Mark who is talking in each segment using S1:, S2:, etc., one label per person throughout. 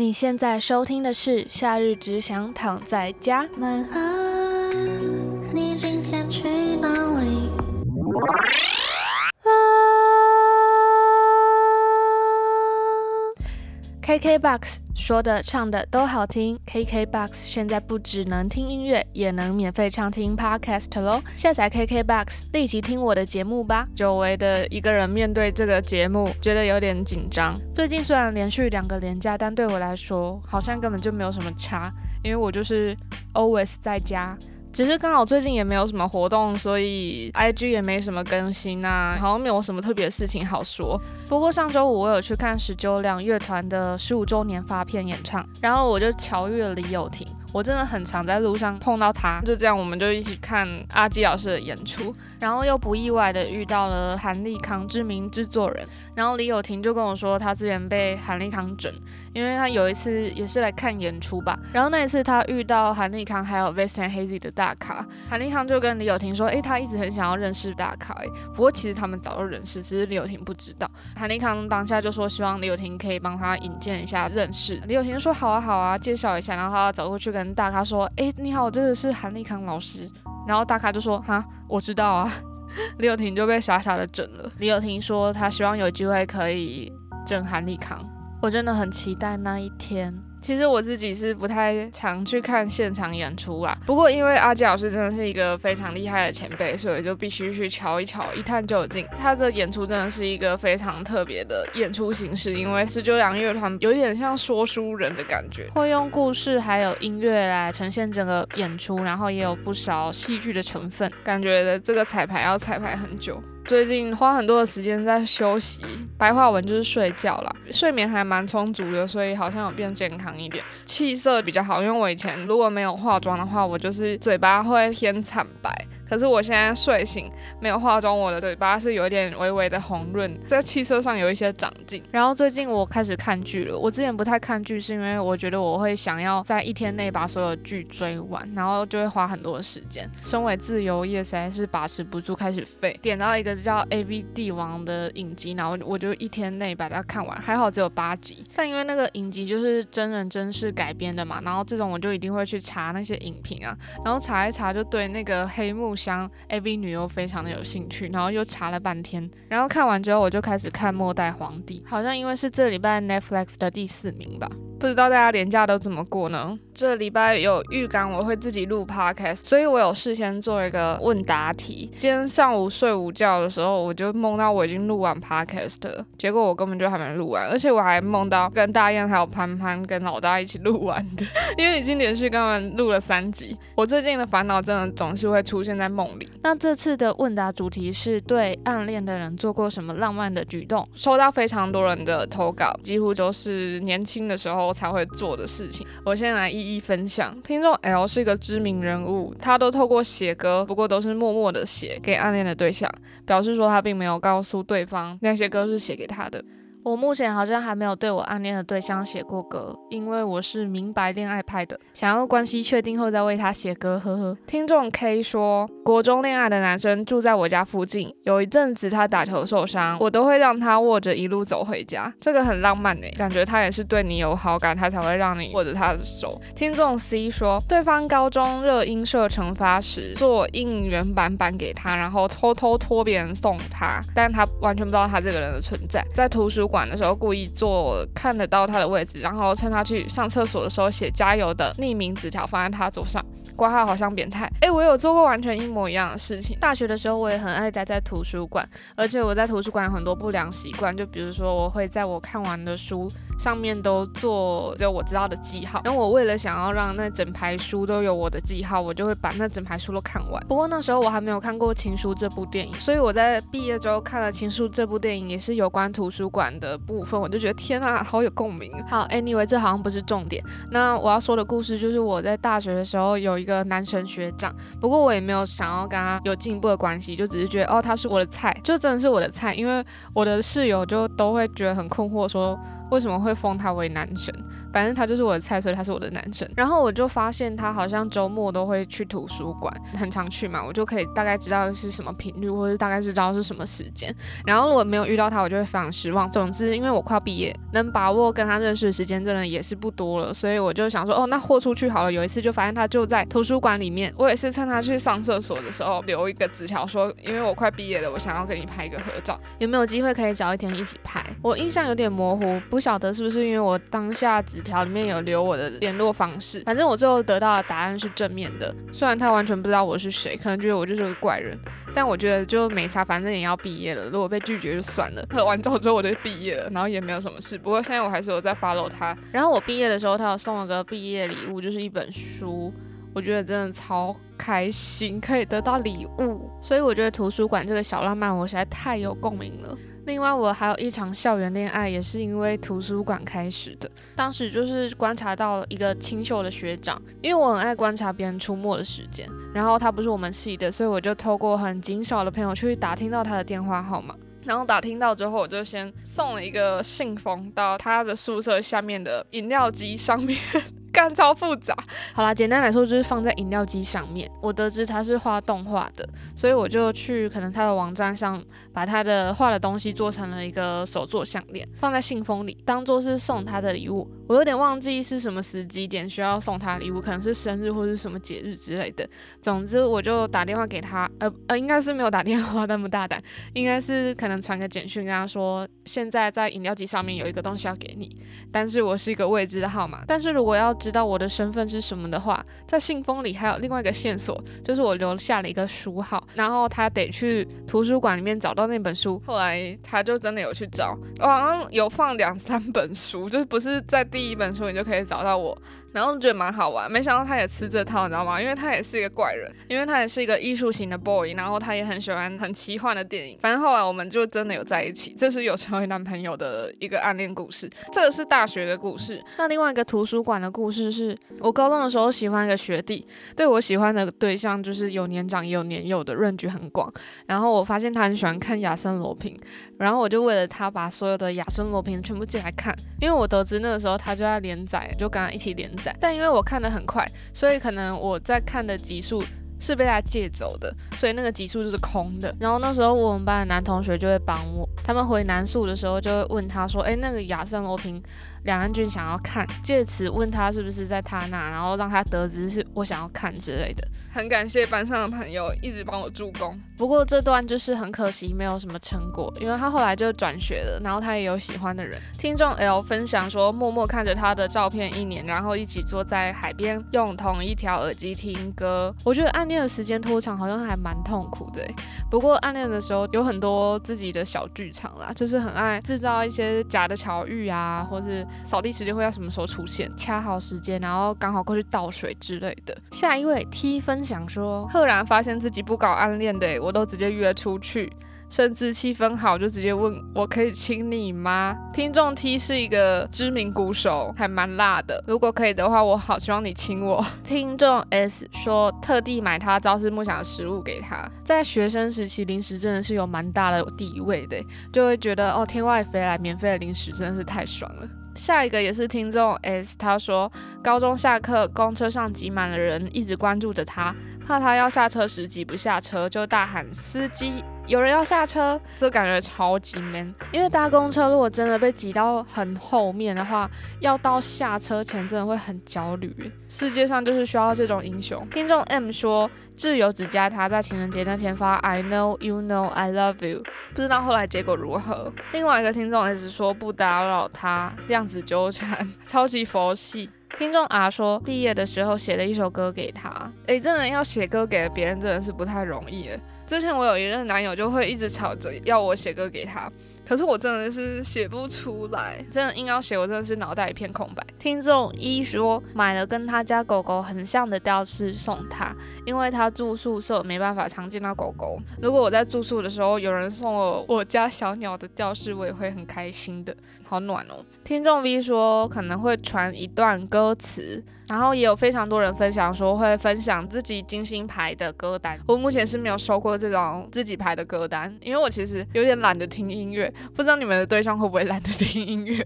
S1: 你現在收聽的是《夏日只想躺在家》。KBox 說的唱的都好聽，KKBox 現在不只能聽音樂，也能免費暢聽 Podcast 嘍。下載 KKBox，立即聽我的節目吧。久違的一個人面對這個節目，覺得有點緊張。最近雖然連續兩個連假，但對我來說好像根本就沒有什麼差，因為我就是 always 在家。只是剛好最近也沒有什麼活動，所以 IG 也沒什麼更新啊，好像沒有什麼特別的事情好說。不過上週五我有去看十九兩樂團的十五週年發片演唱，然後我就巧遇了李友廷。我真的很常在路上碰到他，就這樣我們就一起看阿基老師的演出，然後又不意外的遇到了韓立康知名製作人，然後李友廷就跟我說他之前被韓立康整，因為他有一次也是來看演出吧，然後那一次他遇到韓立康還有 Vast and Hazy 的大咖，韓立康就跟李友廷說，哎，他一直很想要認識大咖，不過其實他們早就認識，只是李友廷不知道。韓立康當下就說希望李友廷可以幫他引薦一下認識，李友廷就說好啊好啊，介紹一下，然後他、啊、走過去跟。大咖說：“哎、欸，你好，這個是韓立康老師。”然後大咖就說：“哈，我知道啊。”李友廷就被傻傻的整了。李友廷說：“他希望有機會可以整韓立康，我真的很期待那一天。”其實我自己是不太常去看現場演出啊，不過因為阿吉老師真的是一個非常厲害的前輩，所以就必須去瞧一瞧，一探究竟。他的演出真的是一個非常特別的演出形式，因為十九兩樂團，有點像說書人的感覺，會用故事還有音樂來呈現整個演出，然後也有不少戲劇的成分，感覺這個彩排要彩排很久。最近花很多的時間在休息，白話文就是睡覺啦。睡眠還蠻充足的，所以好像有變健康一點，氣色比較好。因為我以前如果沒有化妝的話，我就是嘴巴會偏慘白。可是我現在睡醒沒有化妝，我的嘴巴是有一點微微的紅潤，在氣色上有一些長進。然後最近我開始看劇了，我之前不太看劇，是因為我覺得我會想要在一天內把所有劇追完，然後就會花很多的時間。身為自由業，實在是把持不住，開始廢。點到一個叫 A V 帝王的影集，然後我就一天內把它看完，還好只有八集。但因為那個影集就是真人真事改編的嘛，然後這種我就一定會去查那些影評啊，然後查一查就對那個黑幕。像 AV 女優，非常的有興趣，然後又查了半天，然後看完之後我就開始看《末代皇帝》，好像因為是這禮拜 Netflix 的第四名吧。不知道大家連假都怎麼過呢？這禮拜有預感我會自己錄 podcast，所以我有事先做一個問答題。今天上午睡午覺的時候，我就夢到我已經錄完 podcast，結果我根本就還沒錄完，而且我還夢到跟大雁還有潘潘跟老大一起錄完的，因為已經連續跟他們錄了三集。我最近的煩惱真的總是會出現在夢裡。那這次的問答主題是對暗戀的人做過什麼浪漫的舉動？收到非常多人的投稿，幾乎都是年輕的時候。才會做的事情，我先來一一分享。聽眾 L 是一個知名人物，他都透過寫歌，不過都是默默的寫給暗戀的對象，表示說他並沒有告訴對方那些歌是寫給他的。我目前好像還沒有對我暗戀的對象寫過歌，因為我是明白戀愛派的，想要關係確定後再為他寫歌，呵呵。聽眾 K 說，國中戀愛的男生住在我家附近，有一陣子他打球受傷，我都會讓他握着一路走回家，這個很浪漫誒、欸，感覺他也是對你有好感，他才會讓你握着他的手。聽眾 C 說，對方高中熱音社成發時，做應援版本給他，然後偷偷托別人送他，但他完全不知道他這個人的存在，在圖書。館的時候故意坐看得到他的位置，然後趁他去上廁所的時候寫加油的匿名紙條放在他桌上，掛號好像變態。誒，我有做過完全一模一樣的事情。大學的時候我也很愛待在圖書館，而且我在圖書館有很多不良習慣，就比如說我會在我看完的書，上面都做只有我知道的記號，然後我為了想要讓那整排書都有我的記號，我就會把那整排書都看完。不過那時候我還沒有看過《情書》這部電影，所以我在畢業之後看了《情書》這部電影，也是有關圖書館的部分，我就覺得天啊，好有共鳴。好，Anyway，這好像不是重點。那我要說的故事就是我在大學的時候有一個男神學長，不過我也沒有想要跟他有進一步的關係，就只是覺得哦，他是我的菜，就真的是我的菜，因為我的室友就都會覺得很困惑說，為什麼會封他為男神？反正他就是我的菜，所以他是我的男神。然後我就發現他好像周末都會去圖書館，很常去嘛，我就可以大概知道是什麼頻率，或者大概是知道是什麼時間。然後如果沒有遇到他，我就會非常失望。總之，因為我快要畢業，能把握跟他認識的時間真的也是不多了，所以我就想說，哦，那豁出去好了。有一次就發現他就在圖書館裡面，我也是趁他去上廁所的時候留一個紙條說，因為我快畢業了，我想要跟你拍一個合照，有沒有機會可以找一天一起拍？我印象有點模糊，不。不曉得是不是因為我當下紙條裡面有留我的聯絡方式，反正我最後得到的答案是正面的。雖然他完全不知道我是誰，可能覺得我就是個怪人，但我覺得就沒差。反正也要畢業了，如果被拒絕就算了。拍完照之後我就畢業了，然後也沒有什麼事。不過現在我還是有在 follow 他。然後我畢業的時候，他有送了個畢業禮物，就是一本書。我覺得真的超開心，可以得到禮物，所以我覺得圖書館這個小浪漫我實在太有共鳴了。另外，我還有一場校園戀愛，也是因為圖書館開始的。當時就是觀察到一個清秀的學長，因為我很愛觀察別人出沒的時間。然後他不是我們系的，所以我就透過很精少的朋友去打聽到他的電話號碼。然後打聽到之後，我就先送了一個信封到他的宿舍下面的飲料機上面。這樣超複雜，好啦，簡單來說就是放在飲料機上面。我得知他是畫動畫的，所以我就去可能他的網站上把他的畫的東西做成了一個手作項鏈，放在信封裡，當做是送他的禮物。我有點忘記是什麼時機點需要送他禮物，可能是生日或者是什麼節日之類的。總之，我就打電話給他，呃呃，應該是沒有打電話那麼大膽，應該是可能傳個簡訊跟他說，現在在飲料機上面有一個東西要給你，但是我是一個未知的號碼。但是如果要知道我的身份是什麼的話，在信封裡還有另外一個線索，就是我留下了一個書號，然後他得去圖書館裡面找到那本書。後來他就真的有去找，哦，好像有放兩三本書，就是不是在第。第一本書，你就可以找到我。然後覺得蠻好玩，沒想到他也吃這套，你知道嗎？因為他也是一個怪人，因為他也是一個藝術型的 boy，然後他也很喜歡很奇幻的電影。反正後來我們就真的有在一起，這是有成為男朋友的一個暗戀故事。這個是大學的故事。那另外一個圖書館的故事是我高中的時候喜歡一個學弟，對我喜歡的對象就是有年長也有年幼的，論據很廣。然後我發現他很喜歡看《亞森羅平》，然後我就為了他把所有的《亞森羅平》全部借來看，因為我得知那個時候他就在連載，就跟他一起連載。但因為我看得很快，所以可能我在看的集數是被他借走的，所以那個集數就是空的。然後那時候我們班的男同學就會幫我，他們回南宿的時候就會問他說：“誒、欸，那個亞森羅蘋。”梁安俊想要看，借此問他是不是在他那，然後讓他得知是我想要看之類的。很感謝班上的朋友一直幫我助攻。不過這段就是很可惜，沒有什麼成果，因為他後來就轉學了，然後他也有喜歡的人。聽眾 L 分享說，默默看着他的照片一年，然後一起坐在海邊，用同一條耳機聽歌。我覺得暗戀的時間拖長，好像還蠻痛苦的欸。不過暗戀的時候有很多自己的小劇場啦，就是很愛製造一些假的巧遇啊，或是。掃地時間會在什麼時候出現？掐好時間，然後剛好過去倒水之類的。下一位 T 分享說，赫然發現自己不搞暗戀的、欸，我都直接約出去，甚至氣氛好就直接問我可以親你嗎？聽眾 T 是一個知名鼓手，還蠻辣的。如果可以的話，我好希望你親我。聽眾 S 說，特地買他朝思暮想的食物給他。在學生時期，零食真的是有蠻大的地位的、欸，就會覺得哦，天外飛來免費的零食真的是太爽了。下一個也是聽眾 S，他說，高中下課，公車上擠滿了人，一直關注着他，怕他要下車時擠不下車，就大喊司機。有人要下車，就感覺超級 man。因為搭公車如果真的被擠到很後面的話，要到下車前真的會很焦慮。世界上就是需要這種英雄。聽眾 M 說，摯友只加他在情人節那天發 I know you know I love you，不知道後來結果如何。另外一個聽眾 S 說，不打擾他，量子糾纏，超級佛系。聽眾啊說，畢業的時候寫了一首歌給他。哎、欸，這人要寫歌給別人，真的是不太容易。之前我有一任男友，就會一直吵着要我寫歌給他。可是我真的是寫不出來，真的硬要寫，我真的是腦袋一片空白。聽眾一說買了跟他家狗狗很像的吊飾送他，因為他住宿舍沒辦法常見到狗狗。如果我在住宿的時候有人送我我家小鳥的吊飾，我也會很開心的，好暖哦。聽眾 b 說可能會傳一段歌詞。然後也有非常多人分享說會分享自己精心排的歌單，我目前是沒有收過這種自己排的歌單，因為我其實有點懶得聽音樂，不知道你們的對象會不會懶得聽音樂，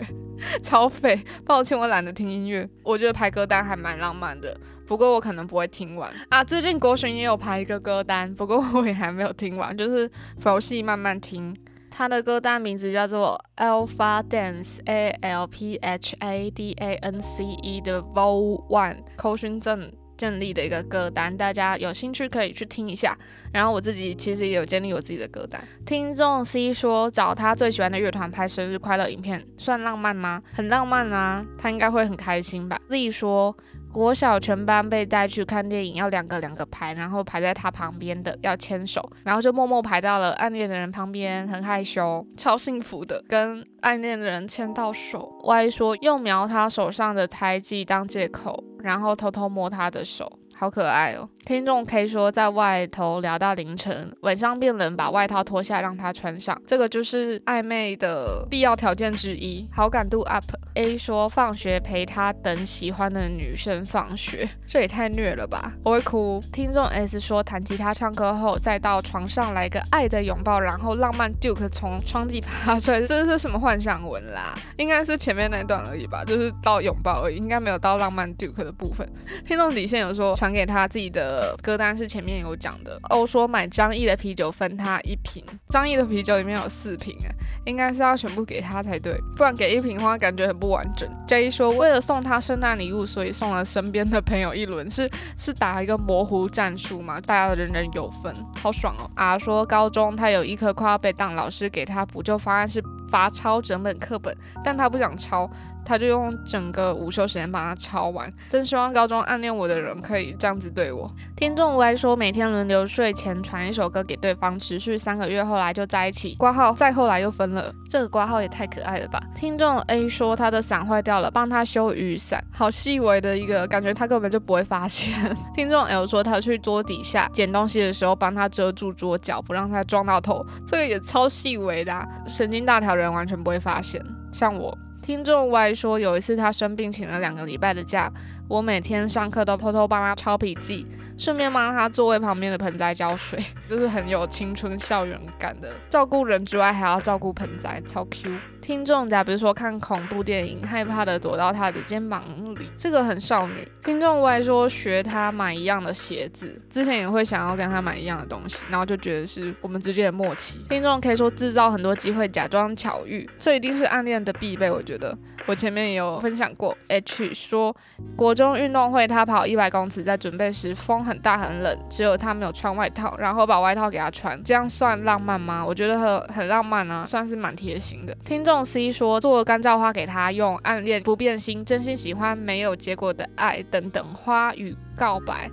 S1: 超廢，抱歉我懶得聽音樂，我覺得排歌單還蠻浪漫的，不過我可能不會聽完啊，最近國巡也有排一個歌單，不過我也還沒有聽完，就是佛系慢慢聽。他的歌單名字叫做 Alpha Dance A L P H A D A N C E 的 Vol One，寇勳正建立的一個歌單，大家有興趣可以去聽一下。然後我自己其實也有建立我自己的歌單。聽眾 C 說，找他最喜歡的樂團拍生日快樂影片，算浪漫嗎？很浪漫啊，他應該會很開心吧。Z 說。國小全班被帶去看電影，要兩個兩個排，然後排在他旁邊的要牽手，然後就默默排到了暗戀的人旁邊，很害羞，超幸福的跟暗戀的人牽到手。Y 說又瞄他手上的胎記當借口，然後偷偷摸他的手。好可愛哦、喔！聽眾 K 說，在外頭聊到凌晨，晚上變冷，把外套脫下來讓他穿上，這個就是曖昧的必要條件之一，好感度 up。A 說，放學陪他等喜歡的女生放學，這也太虐了吧，我會哭。聽眾 S 說，彈吉他唱歌後，再到床上來個愛的擁抱，然後浪漫 Duke 從床底爬出來，這是什麼幻想文啦？應該是前面那段而已吧，就是到擁抱而已，應該沒有到浪漫 Duke 的部分。聽眾底線有說。傳給他自己的歌單是前面有講的哦，說買張譯的啤酒分他一瓶，張譯的啤酒裡面有四瓶誒、啊，應該是要全部給他才對，不然給一瓶的話感覺很不完整。J 說為了送他聖誕禮物，所以送了身邊的朋友一輪，是是打一個模糊戰術嘛，大家人人有份，好爽哦。R 說高中他有一科快要被當老師，給他補救方案是罰抄整本課本，但他不想抄。他就用整個午休時間幫他抄完，真希望高中暗戀我的人可以這樣子對我。聽眾 Y 說每天輪流睡前傳一首歌給對方，持續三個月，後來就在一起掛號，再後來又分了，這個掛號也太可愛了吧。聽眾 A 說他的傘壞掉了，幫他修雨傘，好細微的一個，感覺他根本就不會發現。聽眾 L 說他去桌底下撿東西的時候幫他遮住桌角，不讓他撞到頭，這個也超細微的，啊，神經大條人完全不會發現，像我。聽眾 Y 說，有一次他生病，請了兩個禮拜的假，我每天上課都偷偷幫他抄筆記，順便幫他座位旁邊的盆栽澆水，就是很有青春校園感的。照顧人之外，還要照顧盆栽，超 Q。聽眾假，比如說看恐怖電影，害怕的躲到他的肩膀裡，這個很少女。聽眾還說學他買一樣的鞋子，之前也會想要跟他買一樣的東西，然後就覺得是我們之間的默契。聽眾可以說制造很多機會，假裝巧遇，這一定是暗戀的必備，我覺得。我前面也有分享過，H 說國中運動會他跑一百公尺，在準備時風很大很冷，只有他沒有穿外套，然後把外套給他穿，這樣算浪漫嗎？我覺得很浪漫啊，算是蠻貼心的。聽眾 C 說做了乾燥花給他用，暗戀不變心，真心喜歡沒有結果的愛等等花語告白。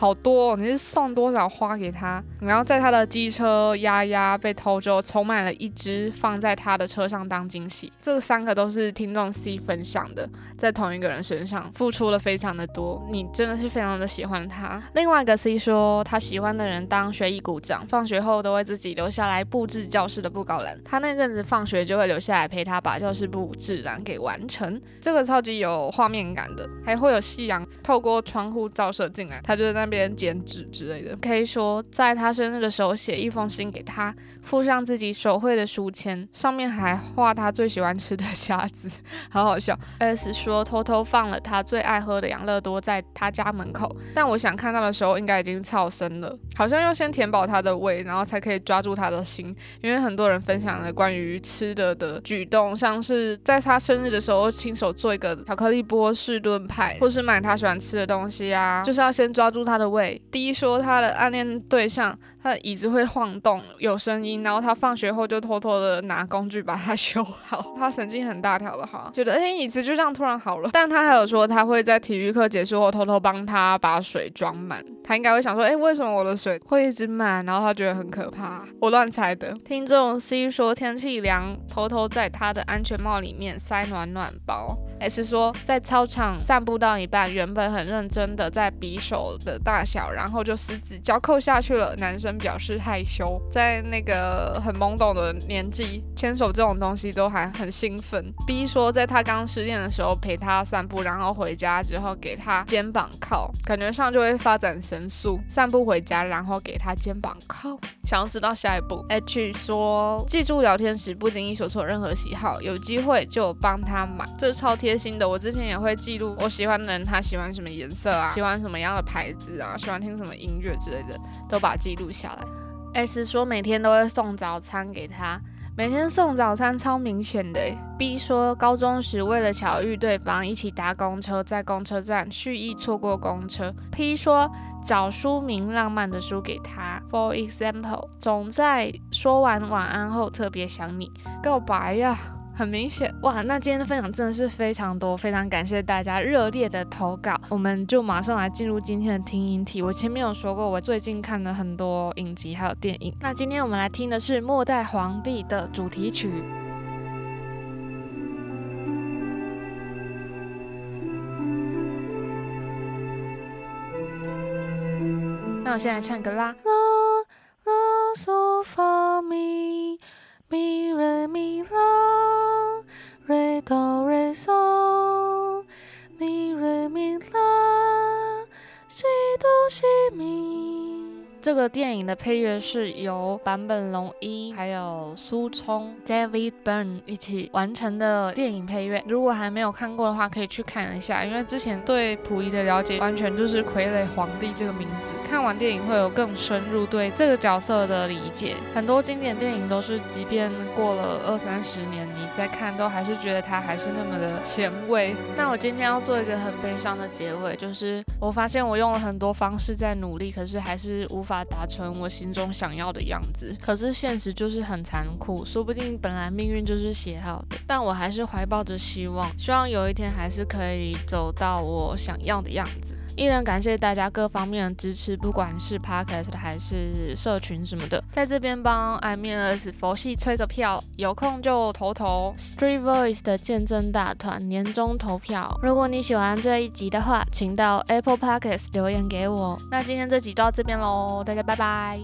S1: 好多，哦，你是送多少花給他？然後在他的機車鴨鴨被偷之後，重買了一隻放在他的車上當驚喜。這三個都是聽眾 C 分享的，在同一個人身上付出了非常的多，你真的是非常的喜歡他。另外一個 C 說，他喜歡的人當學藝股長，放學後都會自己留下來布置教室的布告欄。他那陣子放學就會留下來陪他把教室布置欄，給完成。這個超級有畫面感的，還會有夕陽透過窗戶照射進來，他就在。邊剪紙之類的，可以說在他生日的時候寫一封信給他，附上自己手繪的書籤，上面還畫他最喜歡吃的蝦子，好好笑。S 說偷偷放了他最愛喝的養樂多在他家門口，但我想看到的時候應該已經超生了。好像要先填飽他的胃，然後才可以抓住他的心。因為很多人分享了關於吃的的舉動，像是在他生日的時候親手做一個巧克力波士頓派，或是買他喜歡吃的東西啊，就是要先抓住他的位，第一說他的暗戀對象的椅子會晃動，有聲音，然後他放學後就偷偷的拿工具把它修好。他神經很大條的哈，覺得哎、欸、椅子就這樣突然好了。但他還有說他會在體育課結束後偷偷幫他把水裝滿。他應該會想說哎、欸、為什麼我的水會一直滿，然後他覺得很可怕。我亂猜的。聽眾 C 說天氣涼，偷偷在他的安全帽裡面塞暖暖包。S 說在操場散步到一半，原本很認真的在比手的大小，然後就十指交扣下去了。男生。表示害羞，在那個很懵懂的年紀，牽手這種東西都還很興奮。B 說，在他剛失戀的時候陪他散步，然後回家之後給他肩膀靠，感覺上就會發展神速。散步回家，然後給他肩膀靠，想要知道下一步。H 說，記住聊天時不經意說出任何喜好，有機會就幫他買，這超貼心的。我之前也會記錄我喜歡的人，他喜歡什麼顏色啊，喜歡什麼樣的牌子啊，喜歡聽什麼音樂之類的，都把它記錄下來，S 說每天都會送早餐給他，每天送早餐超明顯的欸。B 說高中時為了巧遇對方，一起搭公車，在公車站蓄意錯過公車。P 說找書名浪漫的書給他，For example，總在說完晚安後特別想你，告白呀、啊。很明顯哇，那今天的分享真的是非常多，非常感謝大家熱烈的投稿，我們就馬上來進入今天的聽音題。我前面有說過，我最近看了很多影集還有電影，那今天我們來聽的是《末代皇帝》的主題曲。 那我先來唱歌啦。電影的配樂是由坂本龍一還有蘇聰、 David Byrne 一起完成的電影配樂。如果還沒有看過的話，可以去看一下。因為之前對溥儀的了解完全就是“傀儡皇帝”這個名字。看完電影會有更深入對這個角色的理解。很多經典電影都是，即便過了二三十年，你再看都還是覺得它還是那麼的前衛。那我今天要做一個很悲傷的結尾，就是我發現我用了很多方式在努力，可是還是無法。達成我心中想要的樣子，可是現實就是很殘酷，說不定本來命運就是寫好的，但我還是懷抱着希望，希望有一天還是可以走到我想要的樣子。依然感謝大家各方面的支持，不管是 podcast 還是社群什麼的，在這邊幫 MERS 佛系吹個票，有空就投投 Street Voice 的見證大團年終投票。如果你喜歡這一集的話，請到 Apple Podcast 留言給我。那今天這集到這邊嘍，大家拜拜。